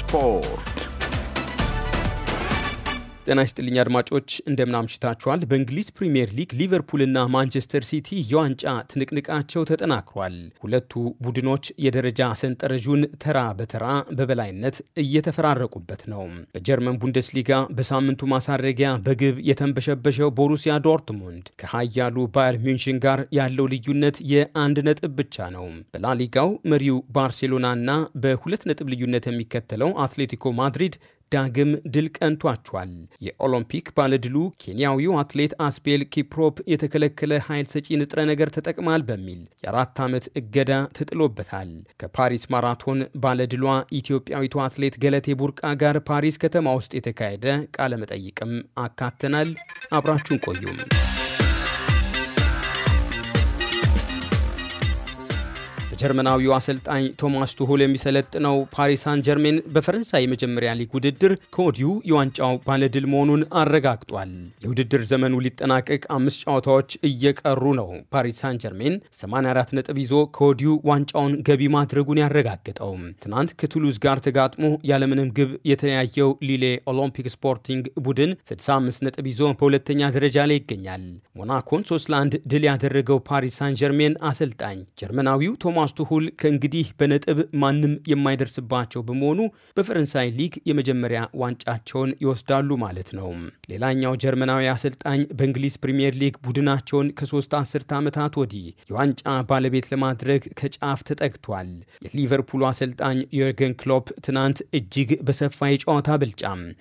Spor. ጤና ይስጥልኝ አድማጮች እንደምን አምሽታችኋል። በእንግሊዝ ፕሪምየር ሊግ ሊቨርፑልና ማንቸስተር ሲቲ የዋንጫ ትንቅንቃቸው ተጠናክሯል። ሁለቱ ቡድኖች የደረጃ ሰንጠረዡን ተራ በተራ በበላይነት እየተፈራረቁበት ነው። በጀርመን ቡንደስሊጋ በሳምንቱ ማሳረጊያ በግብ የተንበሸበሸው ቦሩሲያ ዶርትሙንድ ከሀያሉ ባየር ሚንሽን ጋር ያለው ልዩነት የአንድ ነጥብ ብቻ ነው። በላሊጋው መሪው ባርሴሎናና በሁለት ነጥብ ልዩነት የሚከተለው አትሌቲኮ ማድሪድ ዳግም ድል ቀንቷቸዋል። የኦሎምፒክ ባለድሉ ኬንያዊው አትሌት አስቤል ኪፕሮፕ የተከለከለ ኃይል ሰጪ ንጥረ ነገር ተጠቅማል በሚል የአራት ዓመት እገዳ ተጥሎበታል። ከፓሪስ ማራቶን ባለድሏ ኢትዮጵያዊቱ አትሌት ገለቴ ቡርቃ ጋር ፓሪስ ከተማ ውስጥ የተካሄደ ቃለመጠይቅም አካተናል። አብራችሁን ቆዩም። ጀርመናዊው አሰልጣኝ ቶማስ ቱሆል የሚሰለጥነው ፓሪስ ሳን ጀርሜን በፈረንሳይ የመጀመሪያ ሊግ ውድድር ከወዲሁ የዋንጫው ባለድል መሆኑን አረጋግጧል። የውድድር ዘመኑ ሊጠናቀቅ አምስት ጨዋታዎች እየቀሩ ነው። ፓሪስ ሳን ጀርሜን 84 ነጥብ ይዞ ከወዲሁ ዋንጫውን ገቢ ማድረጉን ያረጋግጠው ትናንት ከቱሉዝ ጋር ተጋጥሞ ያለምንም ግብ የተለያየው ሊሌ ኦሎምፒክ ስፖርቲንግ ቡድን 65 ነጥብ ይዞ በሁለተኛ ደረጃ ላይ ይገኛል። ሞናኮን 3 ለ1 ድል ያደረገው ፓሪስ ሳን ጀርሜን አሰልጣኝ ጀርመናዊው ቶማስ ቱሁል ከእንግዲህ በነጥብ ማንም የማይደርስባቸው በመሆኑ በፈረንሳይ ሊግ የመጀመሪያ ዋንጫቸውን ይወስዳሉ ማለት ነው። ሌላኛው ጀርመናዊ አሰልጣኝ በእንግሊዝ ፕሪምየር ሊግ ቡድናቸውን ከሶስት አስርተ ዓመታት ወዲህ የዋንጫ ባለቤት ለማድረግ ከጫፍ ተጠግቷል። የሊቨርፑሉ አሰልጣኝ ዮርገን ክሎፕ ትናንት እጅግ በሰፋ የጨዋታ ብልጫ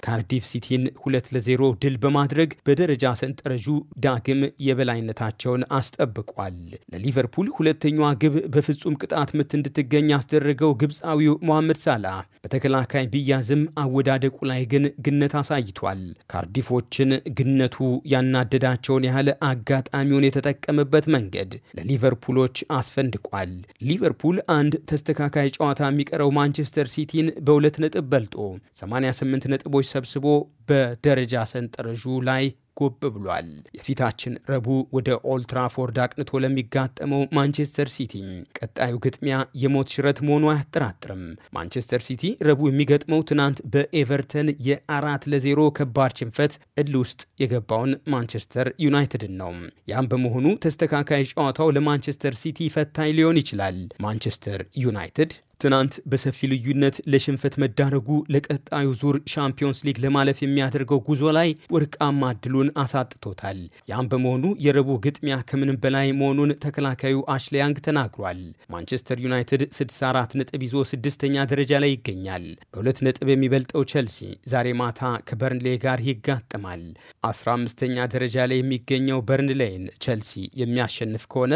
ካርዲፍ ሲቲን ሁለት ለዜሮ ድል በማድረግ በደረጃ ሰንጠረዡ ዳግም የበላይነታቸውን አስጠብቋል። ለሊቨርፑል ሁለተኛዋ ግብ በፍጹም ቅጣት ምት እንድትገኝ ያስደረገው ግብፃዊው መሐመድ ሳላ በተከላካይ ቢያዝም አወዳደቁ ላይ ግን ግነት አሳይቷል። ካርዲፎችን ግነቱ ያናደዳቸውን ያህል አጋጣሚውን የተጠቀመበት መንገድ ለሊቨርፑሎች አስፈንድቋል። ሊቨርፑል አንድ ተስተካካይ ጨዋታ የሚቀረው ማንቸስተር ሲቲን በሁለት ነጥብ በልጦ 88 ነጥቦች ሰብስቦ በደረጃ ሰንጠረዡ ላይ ጎብ ብሏል። የፊታችን ረቡዕ ወደ ኦልትራፎርድ አቅንቶ ለሚጋጠመው ማንቸስተር ሲቲ ቀጣዩ ግጥሚያ የሞት ሽረት መሆኑ አያጠራጥርም። ማንቸስተር ሲቲ ረቡዕ የሚገጥመው ትናንት በኤቨርተን የአራት ለዜሮ ከባድ ሽንፈት እድል ውስጥ የገባውን ማንቸስተር ዩናይትድን ነው። ያም በመሆኑ ተስተካካይ ጨዋታው ለማንቸስተር ሲቲ ፈታኝ ሊሆን ይችላል። ማንቸስተር ዩናይትድ ትናንት በሰፊ ልዩነት ለሽንፈት መዳረጉ ለቀጣዩ ዙር ሻምፒዮንስ ሊግ ለማለፍ የሚያደርገው ጉዞ ላይ ወርቃማ እድሉን አሳጥቶታል። ያም በመሆኑ የረቡዕ ግጥሚያ ከምንም በላይ መሆኑን ተከላካዩ አሽሊያንግ ተናግሯል። ማንቸስተር ዩናይትድ 64 ነጥብ ይዞ ስድስተኛ ደረጃ ላይ ይገኛል። በሁለት ነጥብ የሚበልጠው ቸልሲ ዛሬ ማታ ከበርንሌ ጋር ይጋጥማል 15 15ኛ ደረጃ ላይ የሚገኘው በርንሌይን ቸልሲ የሚያሸንፍ ከሆነ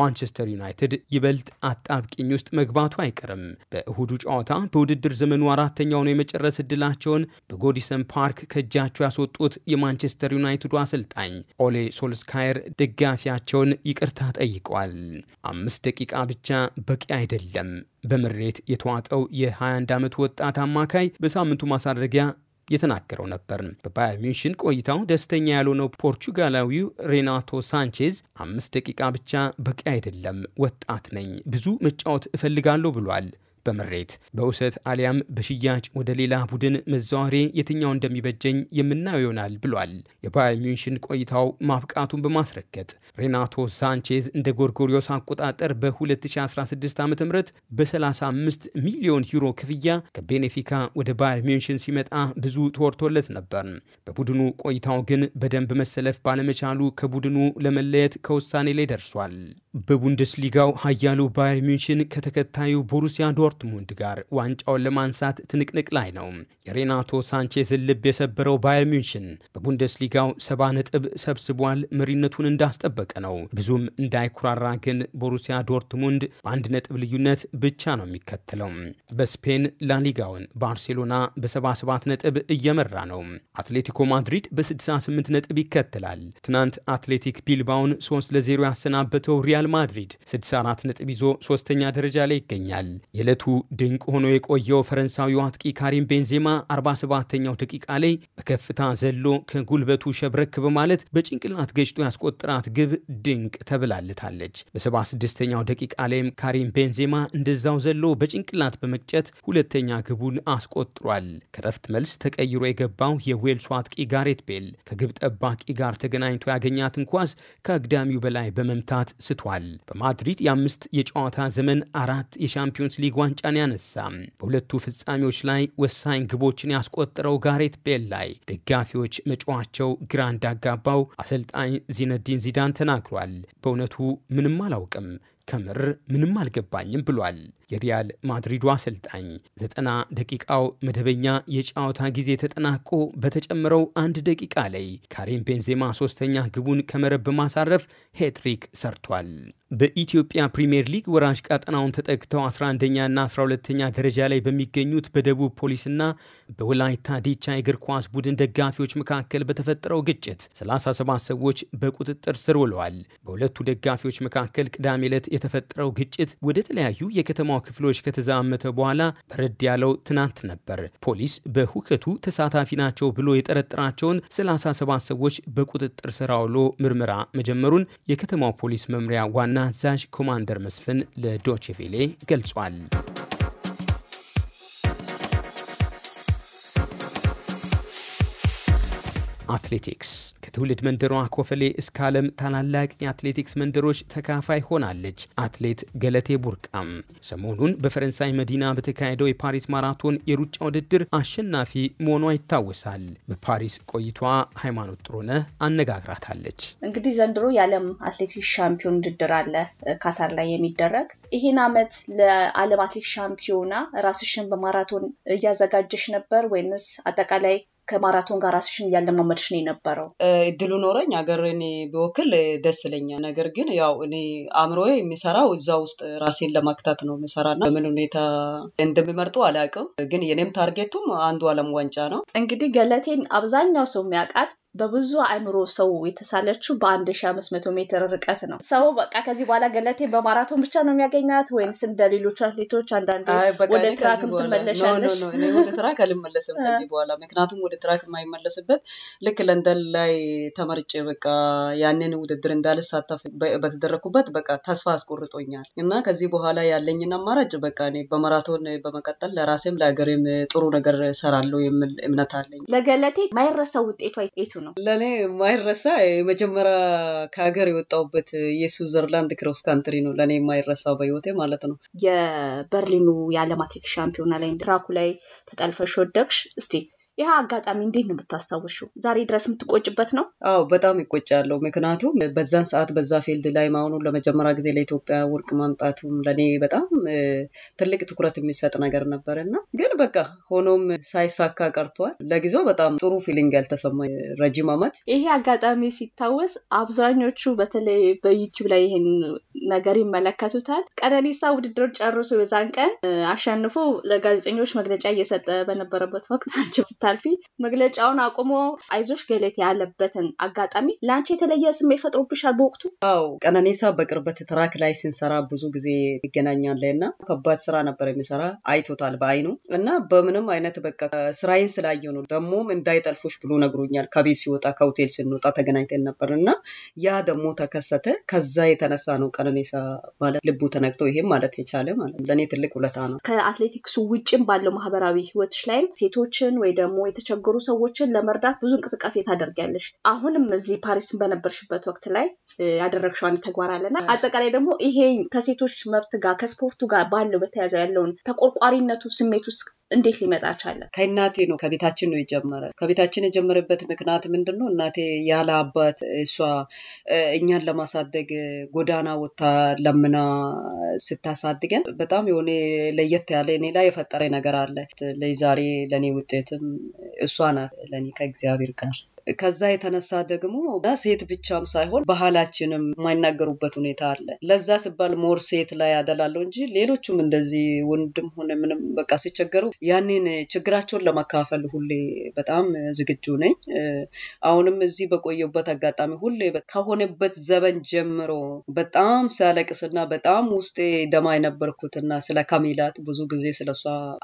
ማንቸስተር ዩናይትድ ይበልጥ አጣብቂኝ ውስጥ መግባቱ አይቀርም። በእሁዱ ጨዋታ በውድድር ዘመኑ አራተኛውን የመጨረስ እድላቸውን በጎዲሰን ፓርክ ከእጃቸው ያስወጡት የማንቸስተር ዩናይትዱ አሰልጣኝ ኦሌ ሶልስካየር ደጋፊያቸውን ይቅርታ ጠይቋል። አምስት ደቂቃ ብቻ በቂ አይደለም። በምሬት የተዋጠው የ21 ዓመት ወጣት አማካይ በሳምንቱ ማሳረጊያ የተናገረው ነበር። በባየር ሚንሽን ቆይታው ደስተኛ ያልሆነው ፖርቹጋላዊው ሬናቶ ሳንቼዝ አምስት ደቂቃ ብቻ በቂ አይደለም፣ ወጣት ነኝ፣ ብዙ መጫወት እፈልጋለሁ ብሏል። በምሬት በውሰት አሊያም በሽያጭ ወደ ሌላ ቡድን መዛወሬ የትኛው እንደሚበጀኝ የምናየው ይሆናል ብሏል። የባየር ሚንሽን ቆይታው ማብቃቱን በማስረገጥ ሬናቶ ሳንቼዝ እንደ ጎርጎሪዮስ አቆጣጠር በ2016 ዓ ም በ35 ሚሊዮን ዩሮ ክፍያ ከቤኔፊካ ወደ ባየር ሚንሽን ሲመጣ ብዙ ተወርቶለት ነበር። በቡድኑ ቆይታው ግን በደንብ መሰለፍ ባለመቻሉ ከቡድኑ ለመለየት ከውሳኔ ላይ ደርሷል። በቡንደስሊጋው ሀያሉ ባየር ሚንሽን ከተከታዩ ቦሩሲያ ዶር ከዶርትሙንድ ጋር ዋንጫውን ለማንሳት ትንቅንቅ ላይ ነው። የሬናቶ ሳንቼዝን ልብ የሰበረው ባየር ሚንሽን በቡንደስሊጋው ሰባ ነጥብ ሰብስቧል። መሪነቱን እንዳስጠበቀ ነው። ብዙም እንዳይኩራራ ግን ቦሩሲያ ዶርትሙንድ በአንድ ነጥብ ልዩነት ብቻ ነው የሚከተለው። በስፔን ላሊጋውን ባርሴሎና በ77 ነጥብ እየመራ ነው። አትሌቲኮ ማድሪድ በ68 ነጥብ ይከተላል። ትናንት አትሌቲክ ቢልባውን 3 ለ0 ያሰናበተው ሪያል ማድሪድ 64 ነጥብ ይዞ ሶስተኛ ደረጃ ላይ ይገኛል። የዕለቱ ብቃቱ ድንቅ ሆኖ የቆየው ፈረንሳዊው አጥቂ ካሪም ቤንዜማ 47ኛው ደቂቃ ላይ በከፍታ ዘሎ ከጉልበቱ ሸብረክ በማለት በጭንቅላት ገጭቶ ያስቆጠራት ግብ ድንቅ ተብላልታለች። በ76ኛው ደቂቃ ላይም ካሪም ቤንዜማ እንደዛው ዘሎ በጭንቅላት በመቅጨት ሁለተኛ ግቡን አስቆጥሯል። ከረፍት መልስ ተቀይሮ የገባው የዌልሱ አጥቂ ጋሬት ቤል ከግብ ጠባቂ ጋር ተገናኝቶ ያገኛትን ኳስ ከአግዳሚው በላይ በመምታት ስቷል። በማድሪድ የአምስት የጨዋታ ዘመን አራት የሻምፒዮንስ ሊግ ዋን ዋንጫን ያነሳ በሁለቱ ፍጻሜዎች ላይ ወሳኝ ግቦችን ያስቆጠረው ጋሬት ቤል ላይ ደጋፊዎች መጫዋቸው ግራ እንዳጋባው አሰልጣኝ ዚነዲን ዚዳን ተናግሯል። በእውነቱ ምንም አላውቅም፣ ከምር ምንም አልገባኝም ብሏል። የሪያል ማድሪዱ አሰልጣኝ ዘጠና ደቂቃው መደበኛ የጨዋታ ጊዜ ተጠናቆ በተጨመረው አንድ ደቂቃ ላይ ካሪም ቤንዜማ ሶስተኛ ግቡን ከመረብ በማሳረፍ ሄትሪክ ሰርቷል። በኢትዮጵያ ፕሪምየር ሊግ ወራጅ ቀጠናውን ተጠግተው 11ኛና 12ኛ ደረጃ ላይ በሚገኙት በደቡብ ፖሊስና በወላይታ ዲቻ የእግር ኳስ ቡድን ደጋፊዎች መካከል በተፈጠረው ግጭት 37 ሰዎች በቁጥጥር ስር ውለዋል። በሁለቱ ደጋፊዎች መካከል ቅዳሜ ዕለት የተፈጠረው ግጭት ወደ ተለያዩ የከተማው ክፍሎች ከተዛመተ በኋላ በረድ ያለው ትናንት ነበር። ፖሊስ በሁከቱ ተሳታፊ ናቸው ብሎ የጠረጠራቸውን 37 ሰዎች በቁጥጥር ስር አውሎ ምርመራ መጀመሩን የከተማው ፖሊስ መምሪያ ዋና አዛዥ ኮማንደር መስፍን ለዶችቬሌ ገልጿል። አትሌቲክስ ከትውልድ መንደሯ ኮፈሌ እስከ ዓለም ታላላቅ የአትሌቲክስ መንደሮች ተካፋይ ሆናለች። አትሌት ገለቴ ቡርቃም ሰሞኑን በፈረንሳይ መዲና በተካሄደው የፓሪስ ማራቶን የሩጫ ውድድር አሸናፊ መሆኗ ይታወሳል። በፓሪስ ቆይቷ ሃይማኖት ጥሩነህ አነጋግራታለች። እንግዲህ ዘንድሮ የዓለም አትሌቲክስ ሻምፒዮን ውድድር አለ ካታር ላይ የሚደረግ ይህን ዓመት ለዓለም አትሌቲክስ ሻምፒዮና ራስሽን በማራቶን እያዘጋጀሽ ነበር ወይንስ አጠቃላይ ከማራቶን ጋር ራስሽን እያለማመድሽ ነው የነበረው? እድሉ ኖረኝ ሀገርን ቢወክል ደስ ይለኛል። ነገር ግን ያው እኔ አእምሮ የሚሰራው እዛ ውስጥ ራሴን ለማክታት ነው የምሰራና በምን ሁኔታ እንደሚመርጡ አላውቅም። ግን የኔም ታርጌቱም አንዱ ዓለም ዋንጫ ነው። እንግዲህ ገለቴን አብዛኛው ሰው የሚያውቃት በብዙ አእምሮ ሰው የተሳለችው በአንድ ሺ አምስት መቶ ሜትር ርቀት ነው። ሰው በቃ ከዚህ በኋላ ገለቴን በማራቶን ብቻ ነው የሚያገኛት ወይንስ እንደ ሌሎቹ አትሌቶች አንዳንድ ወደ ትራክ ትመለሻለሽ? ወደ ትራክ አልመለስም ከዚህ በኋላ ምክንያቱም ወደ ትራክ የማይመለስበት ልክ ለንደን ላይ ተመርጬ በቃ ያንን ውድድር እንዳልሳተፍ በተደረግኩበት በቃ ተስፋ አስቆርጦኛል እና ከዚህ በኋላ ያለኝን አማራጭ በቃ እኔ በማራቶን በመቀጠል ለራሴም ለሀገሬም ጥሩ ነገር ሰራለሁ የሚል እምነት አለኝ። ለገለቴ ማይረሳ ውጤቷ የቱ ነው? ለእኔ ማይረሳ የመጀመሪያ ከሀገር የወጣሁበት የስዊዘርላንድ ክሮስ ካንትሪ ነው ለእኔ የማይረሳው በህይወቴ ማለት ነው። የበርሊኑ የዓለም አትሌቲክስ ሻምፒዮና ላይ ትራኩ ላይ ተጠልፈሽ ወደቅሽ። እስቲ ይህ አጋጣሚ እንዴት ነው የምታስታውሽው? ዛሬ ድረስ የምትቆጭበት ነው? አዎ በጣም ይቆጫለሁ። ምክንያቱም በዛን ሰዓት በዛ ፊልድ ላይ መሆኑ ለመጀመሪያ ጊዜ ለኢትዮጵያ ወርቅ ማምጣቱም ለእኔ በጣም ትልቅ ትኩረት የሚሰጥ ነገር ነበር እና ግን በቃ ሆኖም ሳይሳካ ቀርቷል። ለጊዜው በጣም ጥሩ ፊሊንግ ያልተሰማ ረጅም አመት ይሄ አጋጣሚ ሲታወስ አብዛኞቹ በተለይ በዩቲዩብ ላይ ይሄን ነገር ይመለከቱታል። ቀነኒሳ ውድድር ጨርሶ የዛን ቀን አሸንፎ ለጋዜጠኞች መግለጫ እየሰጠ በነበረበት ወቅት ናቸው ስታልፊ መግለጫውን አቁሞ አይዞሽ ገሌት ያለበትን አጋጣሚ ለአንቺ የተለየ ስሜት ፈጥሮብሻል በወቅቱ? አዎ ቀነኒሳ በቅርበት ትራክ ላይ ስንሰራ ብዙ ጊዜ ይገናኛለ እና ከባድ ስራ ነበር የሚሰራ አይቶታል በአይኑ እና በምንም አይነት በቃ ስራዬን ስላየ ነው ደግሞም እንዳይጠልፎች ብሎ ነግሮኛል። ከቤት ሲወጣ ከሆቴል ስንወጣ ተገናኝተን ነበር እና ያ ደግሞ ተከሰተ። ከዛ የተነሳ ነው ቀነኔሳ ማለት ልቡ ተነግቶ ይሄም ማለት የቻለ ማለት ለእኔ ትልቅ ውለታ ነው። ከአትሌቲክሱ ውጭም ባለው ማህበራዊ ህይወትሽ ላይም ሴቶችን ወይ ደግሞ ደግሞ የተቸገሩ ሰዎችን ለመርዳት ብዙ እንቅስቃሴ ታደርጊያለሽ። አሁንም እዚህ ፓሪስን በነበርሽበት ወቅት ላይ ያደረግሽው አንድ ተግባር አለና አጠቃላይ ደግሞ ይሄ ከሴቶች መብት ጋር ከስፖርቱ ጋር ባለው በተያያዘ ያለውን ተቆርቋሪነቱ ስሜት ውስጥ እንዴት ሊመጣ ቻለ? ከእናቴ ነው። ከቤታችን ነው የጀመረ። ከቤታችን የጀመረበት ምክንያት ምንድን ነው? እናቴ ያለ አባት እሷ እኛን ለማሳደግ ጎዳና ወታ ለምና ስታሳድገን በጣም የሆነ ለየት ያለ እኔ ላይ የፈጠረ ነገር አለ። ለዛሬ ለእኔ ውጤትም እሷ ናት ለእኔ ከእግዚአብሔር ጋር ከዛ የተነሳ ደግሞ ሴት ብቻም ሳይሆን ባህላችንም የማይናገሩበት ሁኔታ አለ። ለዛ ሲባል ሞር ሴት ላይ ያደላለው እንጂ ሌሎቹም እንደዚህ ወንድም ሆነ ምንም በቃ ሲቸገሩ ያንን ችግራቸውን ለማካፈል ሁሌ በጣም ዝግጁ ነኝ። አሁንም እዚህ በቆየበት አጋጣሚ ሁሌ ከሆነበት ዘበን ጀምሮ በጣም ሲያለቅስና በጣም ውስጤ ደማ የነበርኩትና ስለ ካሚላት ብዙ ጊዜ ስለሷ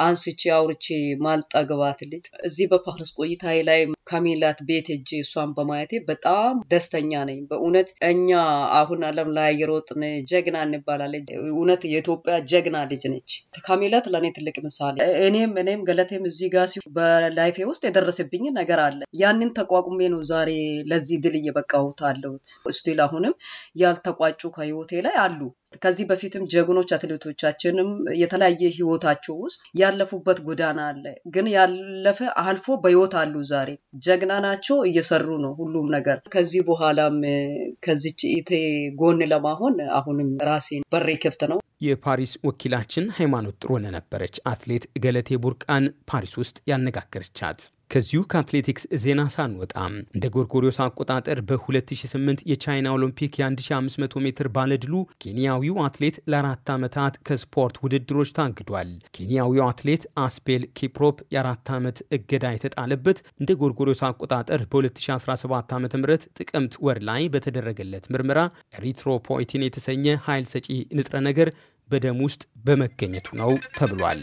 አንስቼ አውርቼ ማልጠግባት ልጅ እዚህ በፓሪስ ቆይታዬ ላይ ካሜላት ቤት እጅ እሷን በማየቴ በጣም ደስተኛ ነኝ። በእውነት እኛ አሁን አለም ላይ የሮጥን ጀግና እንባላለን። እውነት የኢትዮጵያ ጀግና ልጅ ነች ካሜላት። ለእኔ ትልቅ ምሳሌ እኔም እኔም ገለቴም እዚህ ጋር ሲሆን በላይፌ ውስጥ የደረሰብኝ ነገር አለ። ያንን ተቋቁሜ ነው ዛሬ ለዚህ ድል እየበቃሁት አለሁት። ስቲል አሁንም ያልተቋጩ ከህይወቴ ላይ አሉ። ከዚህ በፊትም ጀግኖች አትሌቶቻችንም የተለያየ ህይወታቸው ውስጥ ያለፉበት ጎዳና አለ። ግን ያለፈ አልፎ በህይወት አሉ ዛሬ ጀግና ናቸው። እየሰሩ ነው ሁሉም ነገር። ከዚህ በኋላም ከዚች ኢቴ ጎን ለማሆን አሁንም ራሴን በሬ ክፍት ነው። የፓሪስ ወኪላችን ሃይማኖት ጥሩነህ ነበረች አትሌት ገለቴ ቡርቃን ፓሪስ ውስጥ ያነጋገረቻት። ከዚሁ ከአትሌቲክስ ዜና ሳንወጣ እንደ ጎርጎሪዮስ አቆጣጠር በ2008 የቻይና ኦሎምፒክ የ1500 ሜትር ባለድሉ ኬንያዊው አትሌት ለአራት ዓመታት ከስፖርት ውድድሮች ታግዷል። ኬንያዊው አትሌት አስፔል ኪፕሮፕ የአራት ዓመት እገዳ የተጣለበት እንደ ጎርጎሪዮስ አቆጣጠር በ2017 ዓ.ም ጥቅምት ወር ላይ በተደረገለት ምርመራ ኤሪትሮፖይቲን የተሰኘ ኃይል ሰጪ ንጥረ ነገር በደም ውስጥ በመገኘቱ ነው ተብሏል።